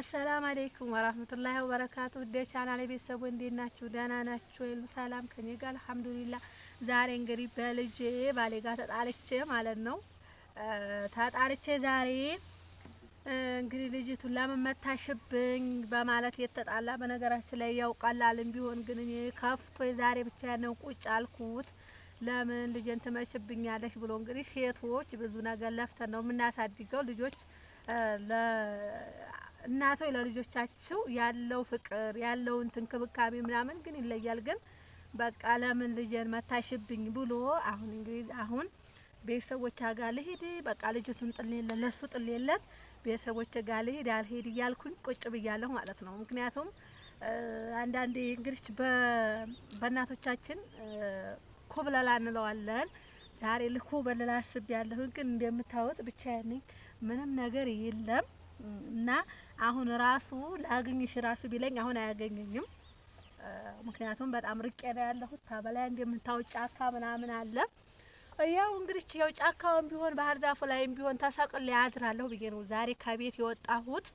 አሰላም አለይኩም ወራህመቱላሂ ወበረካቱ። ውዴ ቻናል ቤተሰቡ እንዴት ናችሁ? ደህና ናችሁ? ሁሉ ሰላም ከኔ ጋር አልሐምዱሊላህ። ዛሬ እንግዲህ በልጄ ባሌ ጋር ተጣልቼ ማለት ነው ተጣልቼ ዛሬ እንግዲህ ልጅቱን ለምን መታሽብኝ በማለት የተጣላ በነገራችን ላይ ያው ቢሆን ግን እኔ ከፍቶ ዛሬ ብቻ ነው ቁጭ አልኩት። ለምን ልጄን ትመሽብኛለሽ ብሎ እንግዲህ ሴቶች ብዙ ነገር ለፍተን ነው የምናሳድገው ልጆች እናቶ ለልጆቻቸው ያለው ፍቅር ያለው እንክብካቤ ምናምን ግን ይለያል። ግን በቃ ለምን ልጄን መታሽብኝ ብሎ አሁን እንግዲህ አሁን ቤተሰቦች ጋር ልሄድ በቃ ልጅቱን ጥልየለት ለሱ ጥል ጥልየለት ቤተሰቦች ጋር ልሄድ አልሄድ እያልኩኝ ቁጭ ብያለሁ ማለት ነው። ምክንያቱም አንዳንዴ እንግዲህ በእናቶቻችን ኮብለላ እንለዋለን። ዛሬ ልኩ በለላ አስቤያለሁ፣ ግን እንደምታወጥ ብቻ ነኝ፣ ምንም ነገር የለም እና አሁን ራሱ ላግኝሽ ራሱ ቢለኝ አሁን አያገኘኝም። ምክንያቱም በጣም ርቄ ነው ያለሁት። ታበላይ እንደምታው ጫካ ምናምን አለ። ያው እንግዲህ ያው ጫካውን ቢሆን ባህር ዛፉ ላይም ቢሆን ተሰቅል ያድራለሁ ብዬ ነው ዛሬ ከቤት የወጣሁት።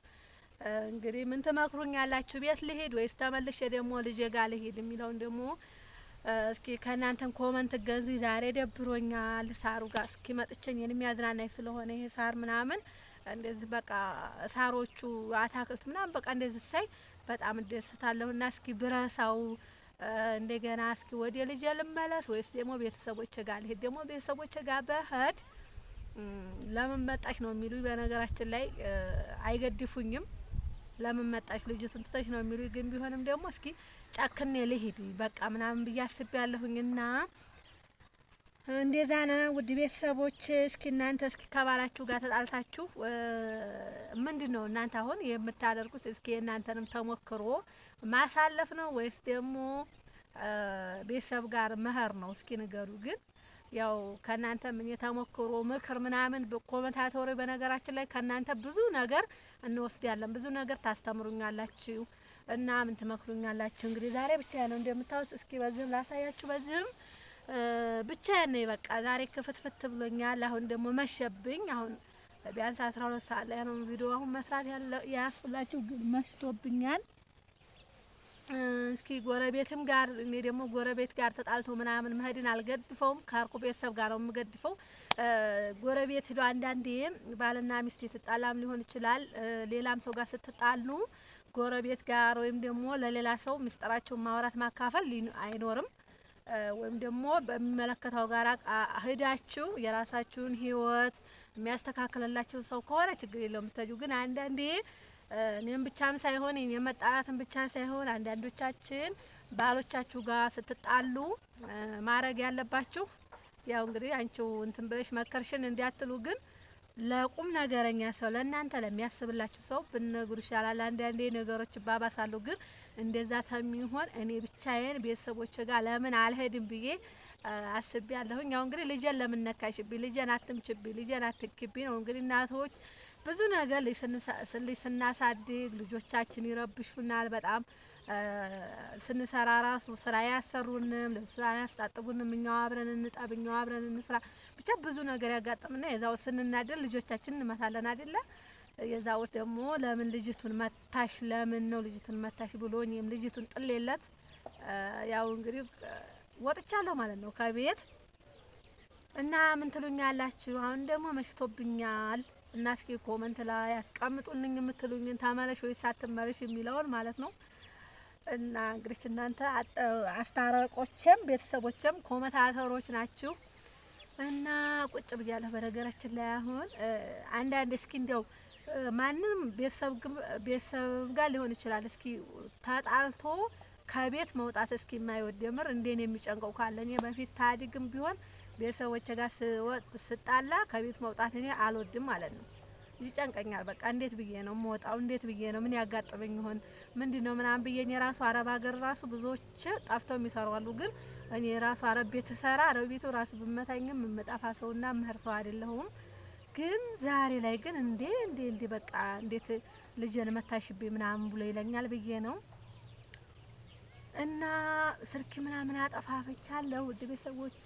እንግዲህ ምን ትመክሩኝ ያላችሁ? ቤት ልሄድ ወይስ ተመልሼ ደግሞ ልጄ ጋር ልሄድ የሚለውን ደግሞ እስኪ ከእናንተን ኮመንት ገንዙ። ዛሬ ደብሮኛል። ሳሩ ጋር እስኪ መጥቼኝ የሚያዝናናኝ ስለሆነ ይሄ ሳር ምናምን እንደዚህ በቃ ሳሮቹ አታክልት ምናምን በቃ እንደዚህ ሳይ በጣም እደሰታለሁ። እና እስኪ ብረሳው እንደገና እስኪ ወደ ልጅ ልመለስ ወይስ ደግሞ ቤተሰቦች ጋር ልሄድ? ደግሞ ቤተሰቦች ጋር በህድ ለምን መጣች ነው የሚሉ በነገራችን ላይ አይገድፉኝም። ለምን መጣሽ ልጅቱን ትተሽ ነው የሚሉ ግን ቢሆንም ደግሞ እስኪ ጨክኔ ልሂድ በቃ ምናምን ብዬ አስቤያለሁኝና እንደዛ ነው ውድ ቤተሰቦች። እስኪ እናንተ እስኪ ከባላችሁ ጋር ተጣልታችሁ ምንድን ነው እናንተ አሁን የምታደርጉት? እስኪ እናንተንም ተሞክሮ ማሳለፍ ነው ወይስ ደግሞ ቤተሰብ ጋር መኸር ነው? እስኪ ንገሩ። ግን ያው ከእናንተ ምን የተሞክሮ ምክር ምናምን ኮመንታቶሪ፣ በነገራችን ላይ ከእናንተ ብዙ ነገር እንወስዳለን። ብዙ ነገር ታስተምሩኛላችሁ እና ምን ትመክሩኛላችሁ። እንግዲህ ዛሬ ብቻ ነው እንደምታውስ። እስኪ በዚህም ላሳያችሁ በዚህም ብቻ ነው በቃ ዛሬ ክፍትፍት ብሎኛል። አሁን ደግሞ መሸብኝ። አሁን ቢያንስ አስራ ሁለት ሰዓት ላይ ነው ቪዲዮ አሁን መስራት ያስላችሁ፣ ግን መሽቶብኛል። እስኪ ጎረቤትም ጋር እኔ ደግሞ ጎረቤት ጋር ተጣልቶ ምናምን መሄድን አልገድፈውም። ከአርቆ ቤተሰብ ጋር ነው የምገድፈው። ጎረቤት ሄዶ አንዳንዴ ባልና ሚስት የተጣላም ሊሆን ይችላል። ሌላም ሰው ጋር ስትጣሉ ጎረቤት ጋር ወይም ደግሞ ለሌላ ሰው ምስጢራቸውን ማውራት ማካፈል አይኖርም። ወይም ደግሞ በሚመለከተው ጋር ሂዳችሁ የራሳችሁን ህይወት የሚያስተካክልላችሁ ሰው ከሆነ ችግር የለውም ተጁ ግን አንዳንዴ እኔም ብቻም ሳይሆን የመጣላትን ብቻ ሳይሆን አንዳንዶቻችን ባሎቻችሁ ጋር ስትጣሉ ማድረግ ያለባችሁ ያው እንግዲህ አንቺው እንትን ብለሽ መከርሽን እንዲያትሉ ግን ለቁም ነገረኛ ሰው ለእናንተ ለሚያስብላችሁ ሰው ብትነግሩ ይሻላል። አንዳንዴ ነገሮች ይባባሳሉ ግን እንደዛ ተሚሆን እኔ ብቻዬን ቤተሰቦች ጋር ለምን አልሄድም ብዬ አስቤ ያለሁኝ። ያው እንግዲህ ልጄን ለምን ነካሽብኝ፣ ልጄን አትምችብኝ፣ ልጄን አትክቢ ነው እንግዲህ እናቶች ብዙ ነገር ልጅ ስናሳድግ ልጆቻችን ይረብሹናል። በጣም ስንሰራ ራሱ ስራ ያሰሩንም ለስራ ያስጣጥቡንም፣ እኛው አብረን እንጠብ፣ እኛው አብረን እንስራ፣ ብቻ ብዙ ነገር ያጋጥምና የዛው ስንናደር ልጆቻችን እንመታለን አይደለ? የዛውት ደግሞ ለምን ልጅቱን መታሽ? ለምን ነው ልጅቱን መታሽ ብሎኝም ልጅቱን ጥሌለት ያው እንግዲህ ወጥቻለሁ ማለት ነው ከቤት እና ምን ትሉኛላችሁ? አሁን ደግሞ መሽቶብኛል እና እስኪ ኮመንት ላይ ያስቀምጡልኝ የምትሉኝን ተመለሽ ወይ ሳትመለሽ የሚለውን ማለት ነው። እና እንግዲህ እናንተ አስታራቆችም ቤተሰቦችም ኮመንታተሮች ናችሁ እና ቁጭ ብያለሁ። በነገራችን ላይ አሁን አንዳንድ እስኪ እንዲያው ማንም ቤተሰብ ጋር ሊሆን ይችላል። እስኪ ተጣልቶ ከቤት መውጣት እስኪ የማይወድ የምር እንዴን የሚጨንቀው ካለ እኔ በፊት ታድግም ቢሆን ቤተሰቦች ጋር ስወጥ ስጣላ ከቤት መውጣት እኔ አልወድም ማለት ነው። ይጨንቀኛል። በቃ እንዴት ብዬ ነው መወጣው? እንዴት ብዬ ነው ምን ያጋጥመኝ ይሆን ምንድ ነው ምናምን ብዬ እኔ ራሱ አረብ ሀገር ራሱ ብዙዎች ጠፍተው የሚሰሩ አሉ። ግን እኔ ራሱ አረብ ቤት ሰራ አረብ ቤቱ ራሱ ብመታኝም የምጠፋ ሰውና ምህር ሰው አይደለሁም። ግን ዛሬ ላይ ግን እንዴ እንዴ እንዴ በቃ እንዴት ልጄን መታሽብኝ ምናምን ብሎ ይለኛል ብዬ ነው እና ስልክ ምናምን አጠፋፍቻለሁ። ውድ ቤተሰቦች፣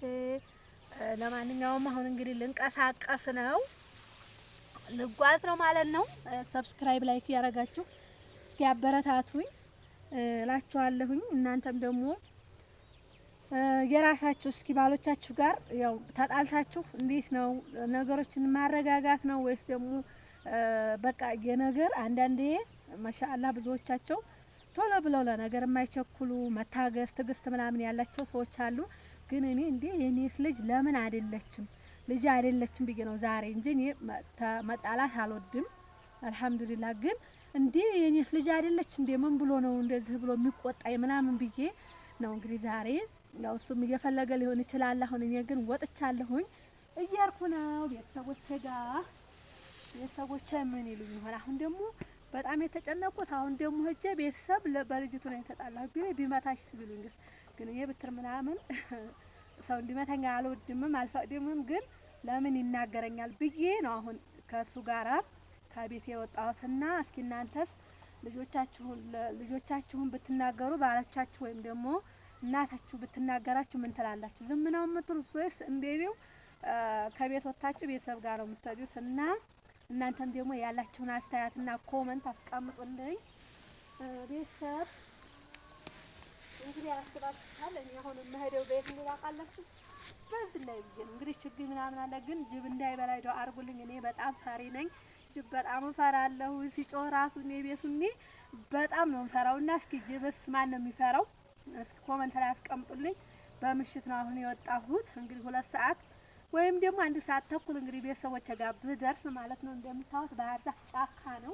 ለማንኛውም አሁን እንግዲህ ልንቀሳቀስ ነው፣ ልጓዝ ነው ማለት ነው። ሰብስክራይብ ላይክ እያረጋችሁ እስኪ አበረታቱኝ እላችኋለሁኝ እናንተም ደግሞ የራሳችሁ እስኪ ባሎቻችሁ ጋር ያው ተጣልታችሁ እንዴት ነው ነገሮችን ማረጋጋት ነው ወይስ ደግሞ በቃ የነገር አንዳንዴ ማሻአላ ብዙዎቻቸው ቶሎ ብለው ለነገር የማይቸኩሉ መታገስ ትግስት ምናምን ያላቸው ሰዎች አሉ። ግን እኔ እንዴ የኔስ ልጅ ለምን አይደለችም ልጅ አይደለችም ብዬ ነው ዛሬ እንጂ እኔ መጣላት አልወድም። አልሐምዱሊላ ግን እንዴ የኔስ ልጅ አይደለች እንዴ ምን ብሎ ነው እንደዚህ ብሎ የሚቆጣኝ ምናምን ብዬ ነው እንግዲህ ዛሬ ያው እሱም እየፈለገ ሊሆን ይችላል። አሁን እኔ ግን ወጥቻለሁኝ እየሄድኩ ነው ቤተሰቦቼ ጋር። ቤተሰቦቼ ምን ይሉኝ ይሆን? አሁን ደግሞ በጣም የተጨነቁት አሁን ደግሞ ሂጄ ቤተሰብ በልጅቱ ነው የተጣላሁ ቢ ቢመታሽስ ቢሉኝ ግን እኔ ብትር ምናምን ሰው እንዲመተኛ አልወድምም አልፈቅድምም። ግን ለምን ይናገረኛል ብዬ ነው አሁን ከእሱ ጋራ ከቤት የወጣሁትና እስኪ እናንተስ ልጆቻችሁን ልጆቻችሁን ብትናገሩ ባለቻችሁ ወይም ደግሞ እናታችሁ ብትናገራችሁ ምን ትላላችሁ? ዝም ነው የምትሉት ወይስ እንደኔው ከቤት ወጥታችሁ ቤተሰብ ጋር ነው የምትሄዱት? እና እናንተም ደግሞ ያላችሁን አስተያየትና ኮመንት አስቀምጡልኝ። ቤተሰብ እንግዲህ አስባችኋል። እኔ አሁን የምሄደው ቤት እንላቃላችሁ በዚህ ላይ ብዬ እንግዲህ ችግኝ ምናምን አለ፣ ግን ጅብ እንዳይበላ አድርጉልኝ። እኔ በጣም ፈሪ ነኝ። ጅብ በጣም ሲጮህ ራሱ እኔ ቤቱ እኔ በጣም ነው እና እስኪ ጅብስ ማን ነው የሚፈራው? እስኪ ኮመንት ላይ አስቀምጡልኝ። በምሽት ነው አሁን የወጣሁት እንግዲህ ሁለት ሰዓት ወይም ደግሞ አንድ ሰዓት ተኩል እንግዲህ ቤተሰቦች ጋር ብደርስ ማለት ነው። እንደምታዩት ባህር ዛፍ ጫካ ነው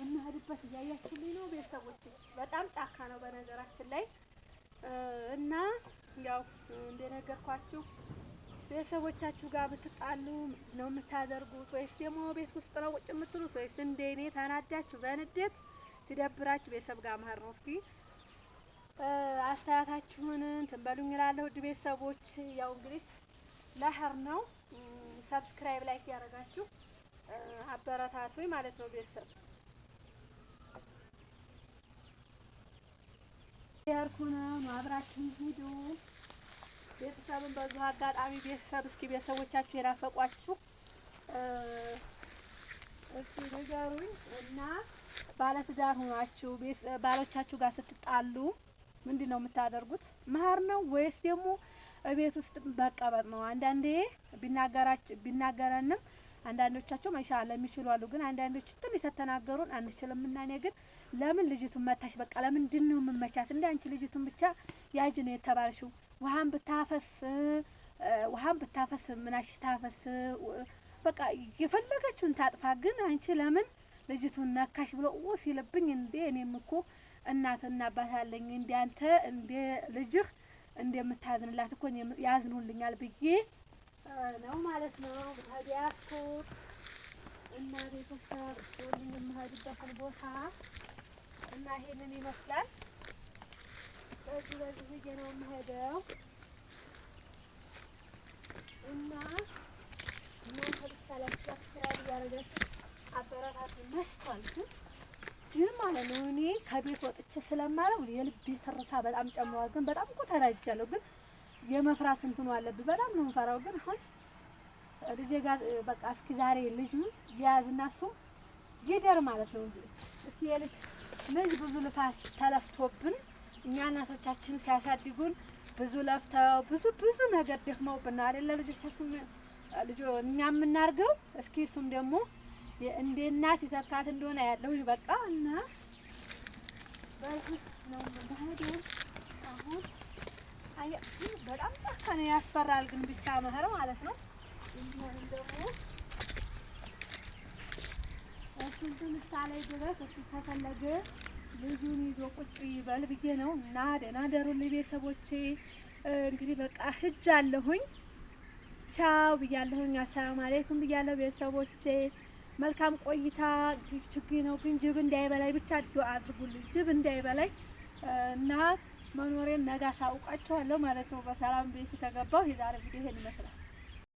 የምሄድበት፣ እያያችሁልኝ ነው ቤተሰቦች። በጣም ጫካ ነው በነገራችን ላይ እና ያው እንደነገርኳችሁ ቤተሰቦቻችሁ ጋር ብትጣሉ ነው የምታደርጉት? ወይስ ደግሞ ቤት ውስጥ ነው ቁጭ የምትሉት? ወይስ እንደ ተናዳችሁ በንዴት ሲደብራችሁ ቤተሰብ ጋር መሄድ ነው? እስኪ አስተያየታችሁን እንትን በሉኝ እላለሁ። ውድ ቤተሰቦች ያው እንግዲህ ለህር ነው። ሰብስክራይብ ላይክ ያደረጋችሁ አበረታቱኝ ማለት ነው ቤተሰብ ያርኩ ነው አብራችሁን ሂዱ። ቤተሰብን በዙ አጋጣሚ ቤተሰብ እስኪ ቤተሰቦቻችሁ የናፈቋችሁ እስኪ ንገሩኝ እና ባለትዳር ሆናችሁ ባሎቻችሁ ጋር ስትጣሉ ምንድን ነው የምታደርጉት? መሀር ነው ወይስ ደግሞ ቤት ውስጥ መቀመጥ ነው? አንዳንዴ ቢናገረንም አንዳንዶቻቸው መሻ ለሚችሉ አሉ። ግን አንዳንዶች ትንሽ ተተናገሩን አንችልም። እና እኔ ግን ለምን ልጅቱን መታሽ? በቃ ለምንድን ነው የምመቻት? እንደ አንቺ ልጅቱን ብቻ ያጅ ነው የተባልሽው። ውሃን ብታፈስ ውሃን ብታፈስ ምናሽ ታፈስ በቃ የፈለገችውን ታጥፋ። ግን አንቺ ለምን ልጅቱን ነካሽ ብሎ ሲልብኝ እንዴ እኔም እኮ እናትና አባት አለኝ እንዲያንተ እንደ ልጅህ እንደምታዝንላት እኮ ያዝኑልኛል ብዬ ነው ማለት ነው። ዲያስኩት እና ቤተሰብ ወልኝ የምሄድበትን ቦታ እና ይሄንን ይመስላል። በዚህ በዚህ ብዬ ነው የምሄደው እና እናንተ ብቻ ላይ ስራ እያደረጋችሁ አበረታት መስቷል ግን ግን ማለት ነው እኔ ከቤት ወጥቼ ስለማለው የልቤ ትርታ በጣም ጨምሯል። ግን በጣም እኮ ተናጅቻለሁ። ግን የመፍራት እንትኑ አለብኝ። በጣም ነው የምፈራው። ግን አሁን ልጄ ጋር በቃ እስኪ ዛሬ ልጁ የያዝና እሱ ይደር ማለት ነው። እስኪ የልጅ ልጅ ብዙ ልፋት ተለፍቶብን እኛ እናቶቻችን ሲያሳድጉን ብዙ ለፍተው ብዙ ብዙ ነገር ደክመውብን ደክመውብናል። ለልጆቻችን ልጆ እኛ የምናርገው እስኪ እሱም ደግሞ እንደ እናት ይተካት እንደሆነ ያለው በቃ እና በጣም ጫካ ነው ያስፈራል። ግን ብቻ መኸር ማለት ነው እንዲሆንም ደግሞ ምሳሌ ድረስ እሱ ከፈለገ ልጁን ይዞ ቁጭ ይበል ብዬ ነው እና ደህና ደሩልኝ ቤተሰቦቼ። እንግዲህ በቃ ህጅ አለሁኝ። ቻው ብያለሁኝ። አሰላም አሌይኩም ብያለሁ ቤተሰቦቼ። መልካም ቆይታ። ችግኝ ነው ግን ጅብ እንዳይበላይ ብቻ ዱአ አድርጉልኝ። ጅብ እንዳይበላይ እና መኖሬን ነጋ ሳውቃቸዋለሁ ማለት ነው። በሰላም ቤት የተገባው የዛሬ ቪዲዮ ይሄን ይመስላል።